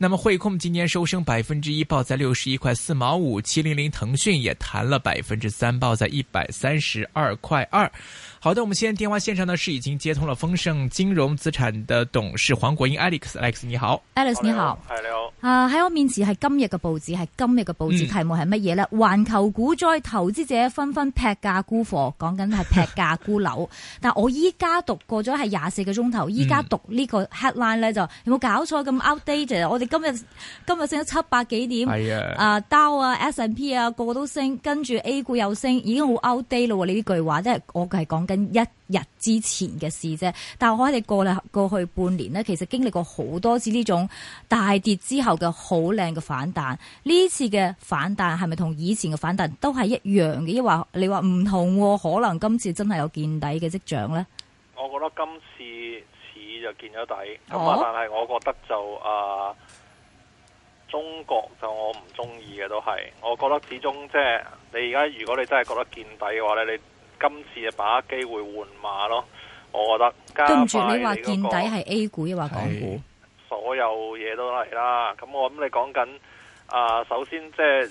那麼匯控今年收升百分之一，報在六十一塊四毛五；七零零騰訊也彈了百分之三，報在一百三十二塊二。好的，我們現在電話線上呢是已經接通了豐盛金融資產的董事黃國英 Alex，Alex 你好，Alex 你好 Hello 啊，喺我面前係今日嘅報紙，係今日嘅報紙題目係乜嘢呢？環球股災，投資者紛紛劈價沽貨，講緊係劈價沽樓。 但我依家讀過咗係廿四個鐘頭，依家讀呢個 headline 呢，就有冇搞錯咁 outdated？我哋今日今日升咗七百幾點？係、哎、啊！啊，刀啊，S&P 啊，個個都升，跟住 A 股又升，已經好 outdate 咯。你呢句話即係我係講緊一日之前嘅事啫。但係我喺你過嚟過去半年呢，其實經歷過好多次呢種大跌之後嘅好靚嘅反彈。呢次嘅反彈係咪同以前嘅反彈都係一樣嘅？抑或你話唔同？可能今次真係有見底嘅跡象呢？我覺得今次似就見咗底。咁、哦、但係我覺得就啊。呃中國就我唔中意嘅都係，我覺得始終即係你而家如果你真係覺得見底嘅話呢，你今次就把握機會換馬咯，我覺得加對。對唔住，你話見底係 A 股，又話港股，所有嘢都係啦。咁我諗你講緊啊，首先即係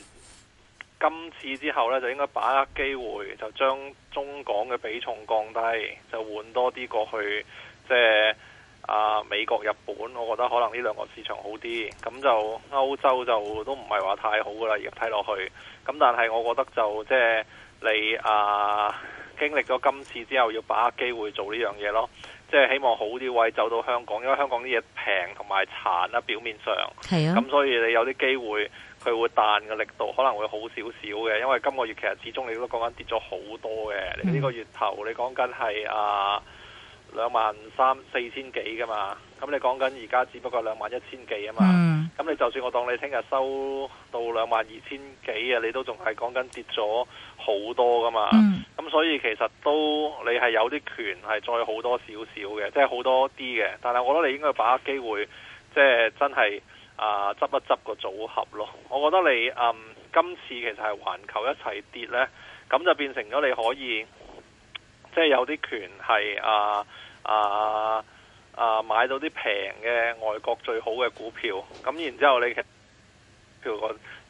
今次之後呢，就應該把握機會，就將中港嘅比重降低，就換多啲過去即係。就是啊！美國、日本，我覺得可能呢兩個市場好啲，咁就歐洲就都唔係話太好噶啦，而家睇落去。咁但係我覺得就即係你啊經歷咗今次之後，要把握機會做呢樣嘢咯。即係希望好啲位走到香港，因為香港啲嘢平同埋殘啦，表面上。咁、啊、所以你有啲機會，佢會彈嘅力度可能會好少少嘅，因為今個月其實始終你都講緊跌咗好多嘅。你、嗯、呢、呢個月頭你講緊係啊。兩萬三四千幾噶嘛，咁你講緊而家只不過兩萬一千幾啊嘛，咁、嗯、你就算我當你聽日收到兩萬二千幾啊，你都仲係講緊跌咗好多噶嘛，咁、嗯、所以其實都你係有啲權係再好多少少嘅，即係好多啲嘅，但係我覺得你應該把握機會，即、就、係、是、真係啊執一執個組合咯。我覺得你嗯今次其實係環球一齊跌呢，咁就變成咗你可以。即係有啲權係啊啊啊買到啲平嘅外國最好嘅股票，咁然之後你其譬如個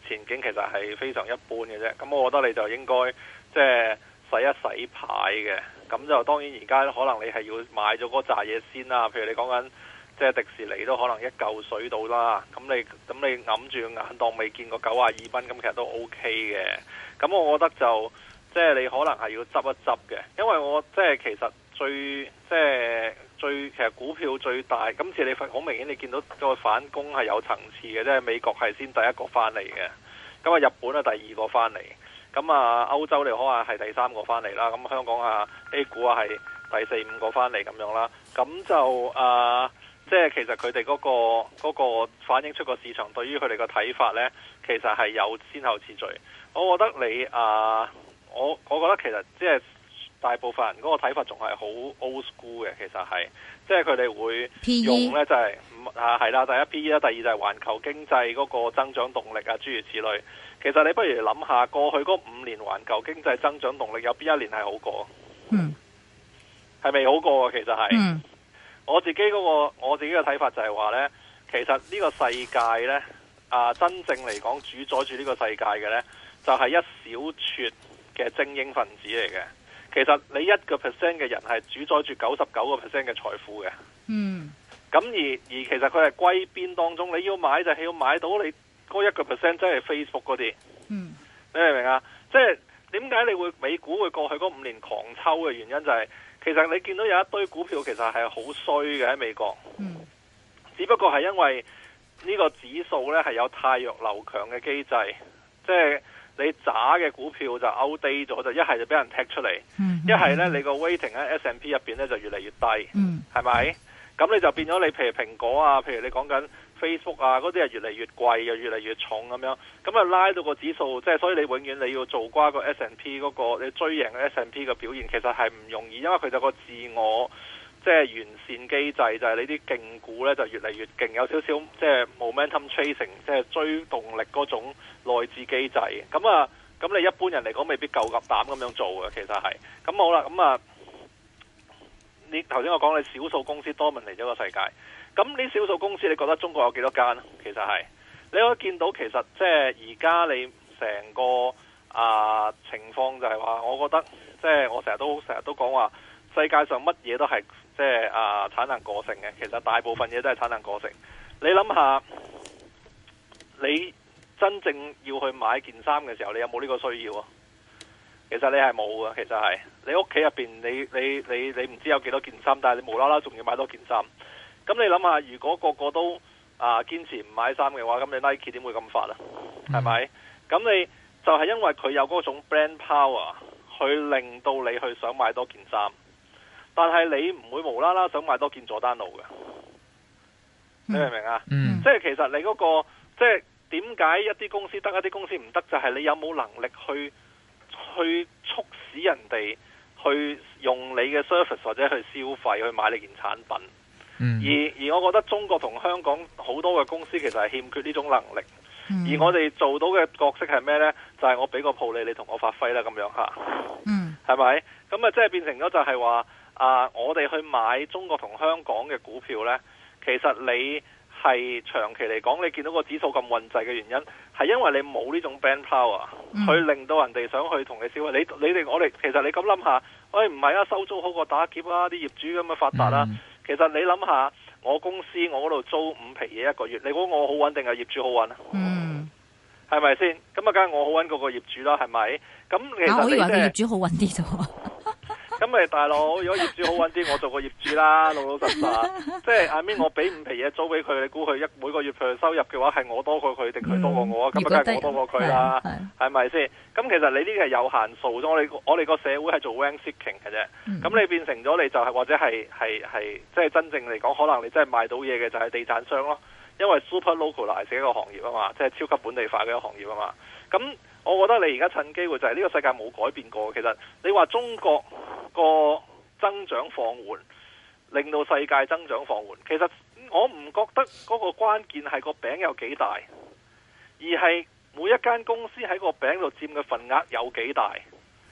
前景其實係非常一般嘅啫。咁我覺得你就應該即係洗一洗牌嘅。咁就當然而家可能你係要買咗嗰扎嘢先啦。譬如你講緊即係迪士尼都可能一嚿水到啦。咁你，咁你揞住個眼當未見過九啊二蚊，咁其實都 OK 嘅。咁我覺得就。即係你可能係要執一執嘅，因為我即係其實最即係最其實股票最大。今次你好明顯，你見到嗰個反攻係有層次嘅，即係美國係先第一個翻嚟嘅。咁啊，日本啊，第二個翻嚟。咁啊，歐洲你可能係第三個翻嚟啦。咁香港啊，A 股啊係第四五個翻嚟咁樣啦。咁就啊，即係其實佢哋嗰個反映出個市場對於佢哋個睇法呢，其實係有先後次序。我覺得你啊～我我覺得其實即係大部分人嗰個睇法仲係好 old school 嘅。其實係即係佢哋會用呢、就係，就係啊係啦，第一 P E 啦，第二就係環球經濟嗰個增長動力啊，諸如此類。其實你不如諗下過去嗰五年環球經濟增長動力有邊一年係好過？嗯，係未好過其實係、mm. 嗰個。我自己嗰個我自己嘅睇法就係話呢，其實呢個世界呢，啊，真正嚟講主宰住呢個世界嘅呢，就係、係、一小撮。嘅精英分子嚟嘅，其實你一個 percent 嘅人係主宰住九十九個 percent 嘅財富嘅。嗯、mm.，咁而而其實佢係歸邊當中，你要買就係要買到你嗰一個 percent，真係 Facebook 嗰啲。嗯、mm.，你明唔明啊？即係點解你會美股會過去嗰五年狂抽嘅原因就係、是、其實你見到有一堆股票其實係好衰嘅喺美國。嗯、mm.，只不過係因為呢個指數咧係有汰弱留強嘅機制，即、就、係、是。你渣嘅股票就拗低咗，就一係就俾人踢出嚟，一係咧你個 weighting 喺 S&P 入邊咧就越嚟越低，係、嗯、咪？咁你就變咗你，譬如蘋果啊，譬如你講緊 Facebook 啊，嗰啲係越嚟越貴又越嚟越重咁樣。咁啊拉到個指數，即係所以你永遠你要做瓜個 S&P 嗰、那個，你追贏 S&P 嘅表現其實係唔容易，因為佢就是個自我。即、就、係、是、完善機制，就係、是、你啲勁股咧，就越嚟越勁，有少少即係、就是、momentum tracing 即係追動力嗰種內置機制。咁啊，咁你一般人嚟講，未必夠咁膽咁樣做嘅。其實係咁好啦，咁啊，你頭先我講你少數公司多問題咗個世界。咁呢少數公司，你覺得中國有幾多間？其實係你可以見到，其實即係而家你成個啊、呃、情況就係話，我覺得即係我成日都成日都講話。世界上乜嘢都係即係啊，產能過剩嘅。其實大部分嘢都係產能過剩。你諗下，你真正要去買件衫嘅時候，你有冇呢個需要啊？其實你係冇噶。其實係你屋企入邊，你你你你唔知有幾多件衫，但係你無啦啦仲要買多件衫。咁你諗下，如果個個都啊堅持唔買衫嘅話，咁你 Nike 點會咁發啊？係、嗯、咪？咁你就係因為佢有嗰種 brand power，去令到你去想買多件衫。但係你唔會無啦啦想買多件佐丹奴嘅，你明唔明啊？嗯，即係其實你嗰個，即係點解一啲公司得一啲公司唔得，就係你有冇能力去去促使人哋去用你嘅 service 或者去消費去買你件產品。嗯，而而我覺得中國同香港好多嘅公司其實係欠缺呢種能力。嗯，而我哋做到嘅角色係咩呢？就係我俾個鋪你，你同我發揮啦，咁樣吓。嗯，係咪？咁啊，即係變成咗就係話。啊！我哋去買中國同香港嘅股票呢，其實你係長期嚟講，你見到個指數咁混滯嘅原因，係因為你冇呢種 brand power 去令到人哋想去同你消費。你你哋我哋，其實你咁諗下，哎唔係啊，收租好過打劫啊，啲業主咁樣發達啦。其實你諗下，我公司我嗰度租五皮嘢一個月，你估我好穩定啊？業主好穩啊？係咪先？咁啊，梗係我好穩過個業主啦，係咪？咁、啊，我我以為業主好穩啲咗。 咁 咪大佬，如果業主好揾啲，我做個業主啦，老老實實。即係眼 n 我俾五皮嘢租俾佢，你估佢一每個月佢收入嘅話，係我多過佢定佢多過我？咁梗係我多過佢啦，係咪先？咁、嗯嗯、其實你呢啲係有限數咗，我哋我哋個社會係做 w e n g s i e k i n g 嘅啫。咁你變成咗你就係、是、或者係係係，即係真正嚟講，可能你真係賣到嘢嘅就係地產商咯。因為 super local i e 一個行業啊嘛，即係超級本地化嘅一個行業啊嘛。咁，我覺得你而家趁機會就係呢個世界冇改變過。其實你話中國個增長放緩，令到世界增長放緩。其實我唔覺得嗰個關鍵係個餅有幾大，而係每一間公司喺個餅度佔嘅份額有幾大。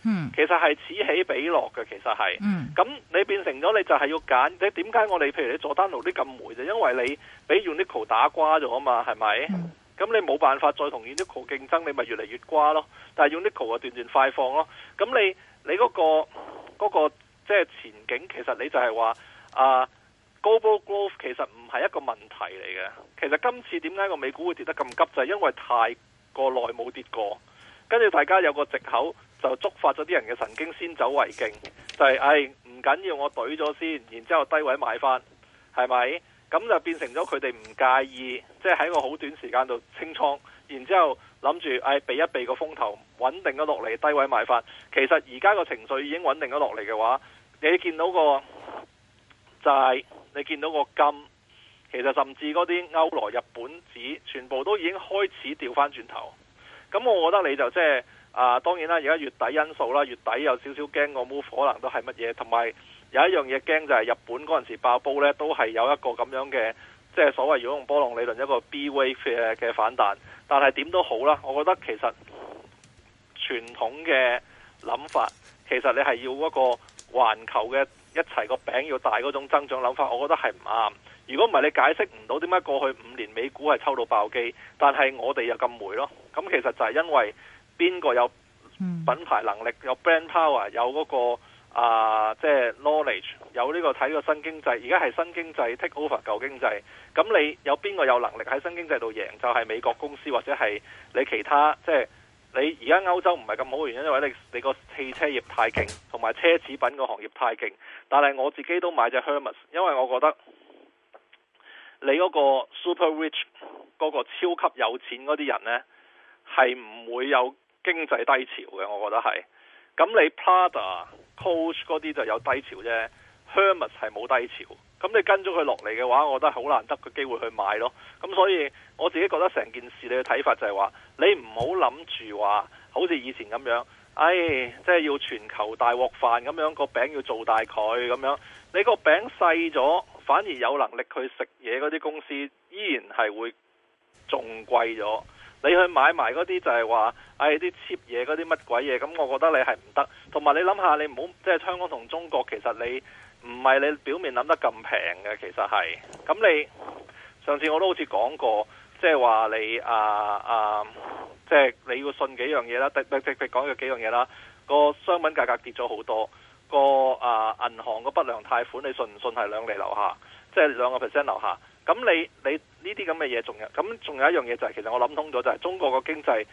嗯，其實係此起彼落嘅，其實係。嗯，咁你變成咗你就係要揀。你點解我哋譬如你佐丹奴啲咁霉，就因為你俾 Uniqlo 打瓜咗嘛？係咪？嗯咁你冇辦法再同 Uniqlo 競爭，你咪越嚟越瓜咯。但係 Uniqlo 啊，斷斷快放咯。咁你你嗰、嗰個嗰即係前景，其實你就係話啊 Global Growth 其實唔係一個問題嚟嘅。其實今次點解個美股會跌得咁急，就係、是、因為太過耐冇跌過，跟住大家有個藉口就觸發咗啲人嘅神經，先走為敬，就是哎、係唉，唔緊要，我隊咗先，然之後低位買返，係咪？咁就變成咗佢哋唔介意，即係喺個好短時間度清倉，然之後諗住誒避一避個風頭，穩定咗落嚟低位買返。其實而家個情緒已經穩定咗落嚟嘅話，你見到個債、即係，你見到個金，其實甚至嗰啲歐羅、日本紙，全部都已經開始掉翻轉頭。咁我覺得你就即係啊，當然啦，而家月底因素啦，月底有少少驚個 move 可能都係乜嘢，同埋。有一樣嘢驚就係日本嗰陣時爆煲呢，都係有一個咁樣嘅，即係所謂如果用波浪理論一個 B wave 嘅反彈。但係點都好啦，我覺得其實傳統嘅諗法，其實你係要嗰個環球嘅一齊個餅要大嗰種增長諗法，我覺得係唔啱。如果唔係，你解釋唔到點解過去五年美股係抽到爆機，但係我哋又咁霉咯。咁其實就係因為邊個有品牌能力，有 brand power，有嗰個。啊，即係 knowledge 有呢、這個睇個新經濟，而家係新經濟 take over 舊經濟，咁你有邊個有能力喺新經濟度贏就係、是、美國公司或者係你其他即係、就是、你而家歐洲唔係咁好嘅原因，因為你你個汽車業太勁，同埋奢侈品個行業太勁，但係我自己都買隻 Hermes，因為我覺得你嗰個 super rich 嗰個超級有錢嗰啲人呢係唔會有經濟低潮嘅。我覺得係咁，你 Prada。Coach 嗰啲就有低潮啫，Hermes 係冇低潮。咁你跟咗佢落嚟嘅話，我覺得好難得個機會去買咯。咁所以我自己覺得成件事你嘅睇法就係話，你唔好諗住話，好似以前咁樣，哎，即係要全球大鑊飯咁樣個餅要做大佢咁樣。你個餅細咗，反而有能力去食嘢嗰啲公司，依然係會仲貴咗。你去買埋嗰啲就係話，哎，啲 cheap 嘢嗰啲乜鬼嘢，咁我覺得你係唔得。同埋你諗下，你唔好即係香港同中國其，其實你唔係你表面諗得咁平嘅，其實係。咁你上次我都好似講過，即係話你啊啊，即、啊、係、就是、你要信幾樣嘢啦，特特別講嘅幾樣嘢啦。個商品價格跌咗好多，個啊銀行個不良貸款你信唔信係兩釐留下，即係兩個 percent 留下。咁你你呢啲咁嘅嘢仲有，咁仲有一樣嘢就係、是、其實我諗通咗就係中國個經濟。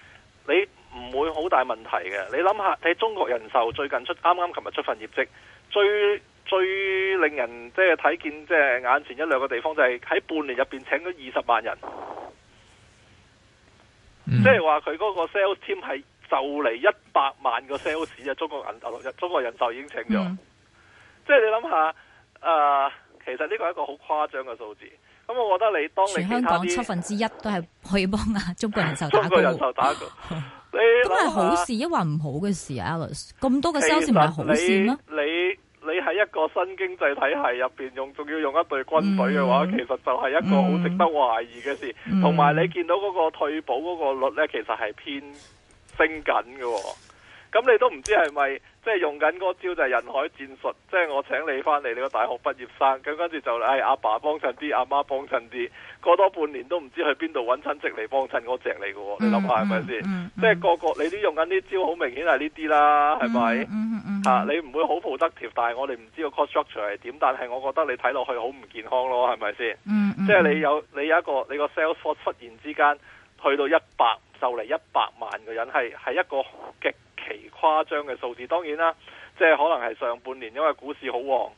你唔會好大問題嘅，你諗下，你中國人壽最近出，啱啱琴日出份業績，最最令人即係睇見，即係眼前一兩個地方就係、是、喺半年入邊請咗二十萬人，即係話佢嗰個 sales team 係就嚟一百萬個 sales 啊！中國人中國人壽已經請咗、嗯，即係你諗下，誒、呃，其實呢個係一個好誇張嘅數字。咁我覺得你當你全香港七分之一都係可以幫啊中國人壽打工，中國人壽打工， 你都係好事，抑或唔好嘅事啊。咁多嘅消息唔係好事咯。你你喺一個新經濟體系入面用，仲要用一隊軍隊嘅話、嗯，其實就係一個好值得懷疑嘅事。同、嗯、埋你見到嗰個退保嗰個率咧，其實係偏升緊喎。咁你都唔知係咪即係用緊嗰招就係人海戰術？即、就、係、是、我請你翻嚟，你個大學畢業生，咁跟住就係阿、哎、爸幫襯啲，阿媽幫襯啲，過多半年都唔知去邊度搵親戚嚟幫襯嗰隻嚟嘅。你諗下係咪先？即、嗯、係、嗯嗯就是、個個你都用緊啲招，好明顯係呢啲啦，係、嗯、咪？吓、嗯嗯啊，你唔會好抱得條，但係我哋唔知個 cost structure 係點，但係我覺得你睇落去好唔健康咯，係咪先？即、嗯、係、嗯就是、你有你有一個你個 sales force 忽然之間去到一百，就嚟、是、一百萬個人係係一個極。奇誇張嘅數字，當然啦，即係可能係上半年，因為股市好旺，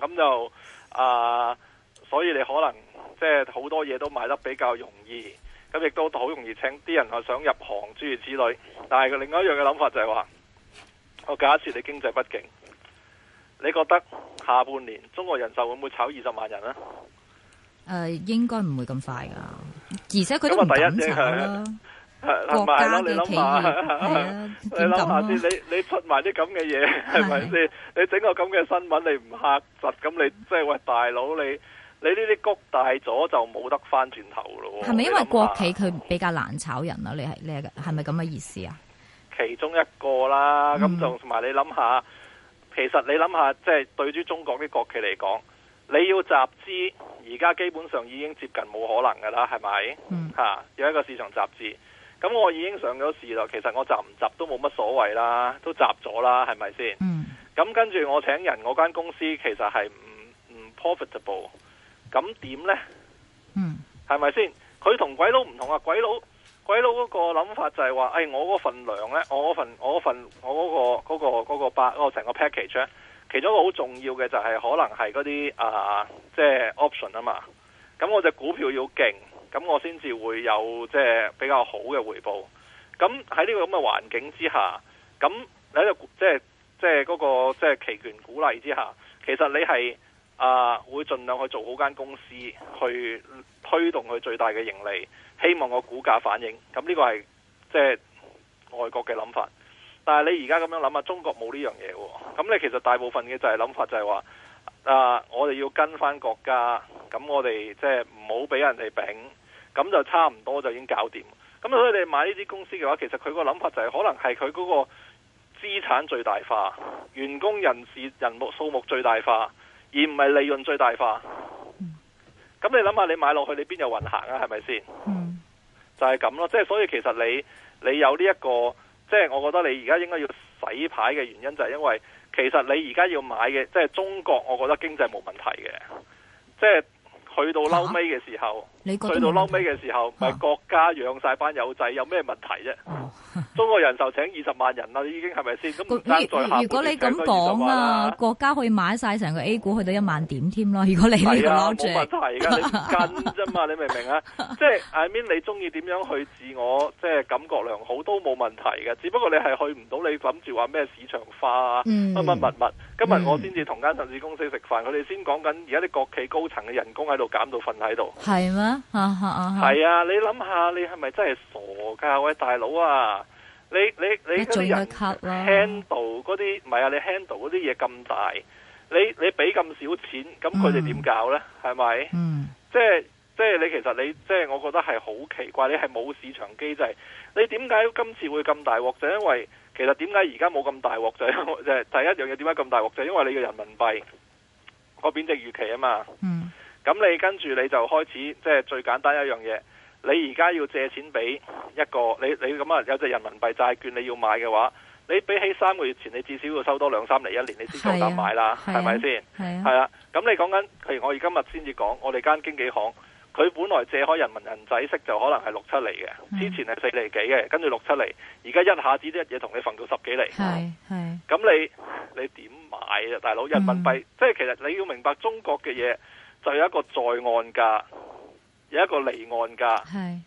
咁就啊、呃，所以你可能即係好多嘢都買得比較容易，咁亦都好容易請啲人啊，想入行諸如此類。但係另外一樣嘅諗法就係話，我假設你經濟不景，你覺得下半年中國人壽會唔會炒二十萬人啊？誒、呃，應該唔會咁快噶，而且佢都唔肯炒係係咪咯？你諗下、哎啊，你諗下先，你你出埋啲咁嘅嘢係咪先？你整個咁嘅新聞，你唔吓窒咁，你即係喂，大佬，你你呢啲谷大咗就冇得翻轉頭咯。係咪因為國企佢、嗯、比較難炒人啊？你係你係，係咪咁嘅意思啊？其中一個啦，咁就同埋你諗下、嗯，其實你諗下，即、就、係、是、對住中國啲國企嚟講，你要集資，而家基本上已經接近冇可能噶啦，係咪？吓、嗯啊、有一個市場集資。咁我已經上咗市啦，其實我集唔集都冇乜所謂啦，都集咗啦，係咪先？咁、嗯、跟住我請人，我間公司其實係唔唔 profitable，咁點呢？嗯，係咪先？佢同鬼佬唔同啊！鬼佬鬼佬嗰個諗法就係話，誒、哎，我嗰份糧呢，我嗰份我嗰份我嗰、個嗰、個嗰、個八嗰、個成、個、個 package 呢其中一個好重要嘅就係可能係嗰啲啊，即、就、係、是、option 啊嘛。咁我隻股票要勁。咁我先至會有即係比較好嘅回報。咁喺呢個咁嘅環境之下，咁你喺度，即係即係嗰個即係期權鼓勵之下，其實你係啊、呃、會盡量去做好間公司，去推動佢最大嘅盈利，希望個股價反映。咁呢個係即係外國嘅諗法，但係你而家咁樣諗啊，中國冇呢樣嘢喎。咁你其實大部分嘅就係諗法就係話啊，我哋要跟翻國家，咁我哋即係唔好俾人哋柄。咁就差唔多就已經搞掂。咁所以你買呢啲公司嘅話，其實佢個諗法就係可能係佢嗰個資產最大化，員工人事人目數目最大化，而唔係利潤最大化。咁你諗下，你買落去你邊有運行啊？係咪先？就係咁咯。即係所以其實你你有呢一個，即係我覺得你而家應該要洗牌嘅原因就係因為其實你而家要買嘅，即係中國，我覺得經濟冇問題嘅。即係去到後尾嘅時候。去到 l o 尾嘅時候，咪國家養晒班友仔，啊、有咩問題啫？中國人壽請二十萬人啦，你已經係咪先？咁如果如果你咁講啊，國家去買晒成個 A 股去到一萬點添咯。如果你呢個 concept，、啊、問題噶，近啫嘛， 你明唔明啊？即係 i m e a n 你中意點樣去自我即係感覺良好都冇問題嘅，只不過你係去唔到你諗住話咩市場化啊乜乜物物。今日我先至同間上市公司食飯，佢、嗯、哋先講緊而家啲國企高層嘅人工喺度減到瞓喺度。係咩？啊啊係啊，你諗下，你係咪真係傻㗎？喂，大佬啊，你你你，你人了了 handle 嗰啲，唔係啊，你 handle 嗰啲嘢咁大，你你俾咁少錢，咁佢哋點搞呢？係、嗯、咪、嗯？即係即係你其實你即係我覺得係好奇怪，你係冇市場機制，你點解今次會咁大鑊？就因為其實點解而家冇咁大鑊？就就是、第一樣嘢點解咁大鑊？就因為你嘅人民幣個貶值預期啊嘛。嗯咁你跟住你就開始，即係最簡單一樣嘢。你而家要借錢俾一個你，你咁啊有隻人民幣債券你要買嘅話，你比起三個月前，你至少要收多兩三厘一年，你先夠膽買啦，係咪先？係啊，咁、啊啊啊、你講緊，譬如我而今日先至講，我哋間經紀行，佢本來借開人民人仔息就可能係六七厘嘅、啊，之前係四厘幾嘅，跟住六七厘。而家一下子啲嘢同你浮到十幾厘。咁、啊啊、你你點買啊，大佬？人民幣，啊啊、即係其實你要明白中國嘅嘢。就有一個在岸價，有一個離岸價。係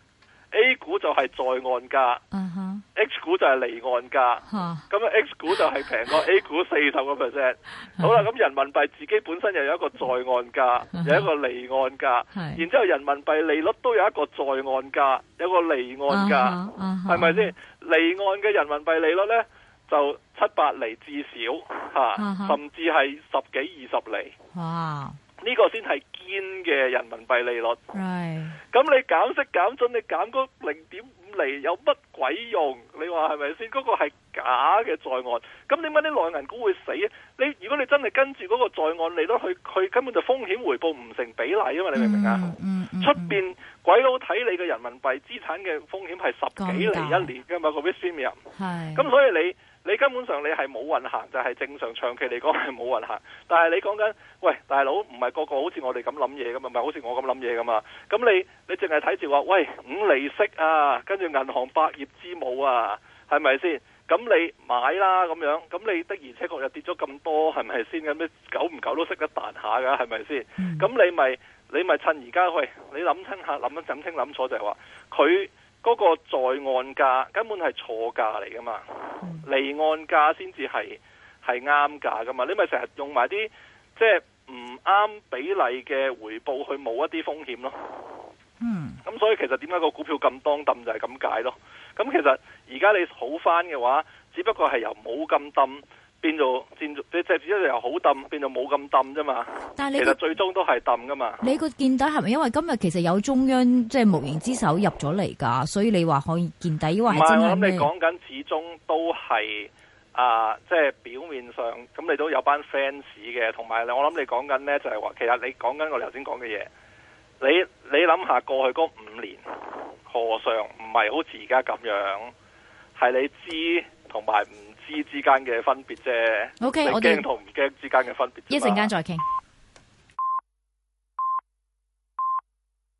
A 股就係在岸價，uh -huh.，H 股就係離岸價，咁啊，H 股就係平過 A 股四十個 percent。 好啦，咁人民幣自己本身又有一個在岸價，uh -huh. 有一個離岸價。 然之後人民幣利率都有一個在岸價，有一個離岸價，係咪先？離岸嘅人民幣利率呢，就七八厘至少吓，啊 uh -huh. 甚至係十幾二十厘。Uh -huh. 呢、這個先係堅嘅人民幣利率，咁、right. 你減息減準，你減嗰零點五厘有乜鬼用？你話係咪先？嗰、那個係假嘅在岸。咁點解啲內銀股會死？你如果你真係跟住嗰個在岸利率去，佢根本就風險回報唔成比例啊嘛？你明唔明啊？出邊鬼佬睇你嘅人民幣資產嘅風險係十幾厘一年嘅嘛？嗰邊輸唔入，咁、那個 right. 所以你。你根本上你係冇運行，就係、是、正常長期嚟講係冇運行。但係你講緊，喂大佬，唔係個個好似我哋咁諗嘢噶嘛，唔係好似我咁諗嘢噶嘛。咁你你淨係睇住話喂五厘息啊，跟住銀行百業之母啊，係咪先？咁你買啦咁樣，咁你的而且確又跌咗咁多，係咪先？咁你久唔久都識得彈下噶，係咪先？咁你咪你咪趁而家喂，你諗親下諗一諗清諗楚就係話佢。嗰個在岸價根本係錯價嚟噶嘛，離岸價先至係係啱價噶嘛，你咪成日用埋啲即係唔啱比例嘅回報去冒一啲風險咯。嗯，咁所以其實點解個股票咁當氹就係咁解咯。咁其實而家你好翻嘅話，只不過係由冇咁氹。變做變你只字一日又好抌，變做冇咁抌啫嘛。但係你其實最終都係抌噶嘛。你個見底係咪因為今日其實有中央即係、就是、無形之手入咗嚟噶，所以你話可以見底？因為係真係。我諗你講緊始終都係啊、呃，即係表面上咁，你都有班 fans 嘅，同埋我諗你講緊呢，就係、是、話，其實你講緊我頭先講嘅嘢，你你諗下過去嗰五年何嘗唔係好似而家咁樣？係你知同埋唔之之間嘅分別啫。O K，我驚同唔驚之間嘅分別。一陣間再傾。